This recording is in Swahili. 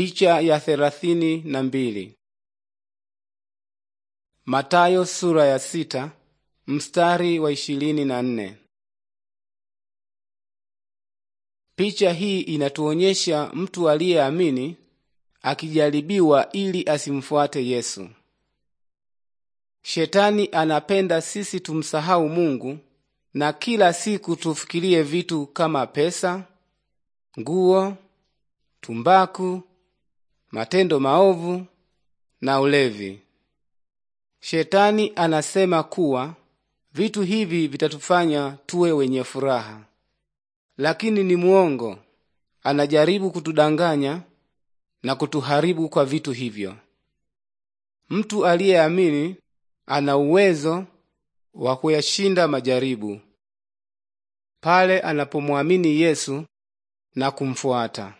Picha ya thelathini na mbili. Matayo sura ya sita mstari wa ishirini na nne. Picha hii inatuonyesha mtu aliyeamini akijaribiwa ili asimfuate Yesu. Shetani anapenda sisi tumsahau Mungu na kila siku tufikirie vitu kama pesa, nguo, tumbaku matendo maovu na ulevi. Shetani anasema kuwa vitu hivi vitatufanya tuwe wenye furaha, lakini ni mwongo. Anajaribu kutudanganya na kutuharibu kwa vitu hivyo. Mtu aliyeamini ana uwezo wa kuyashinda majaribu pale anapomwamini Yesu na kumfuata.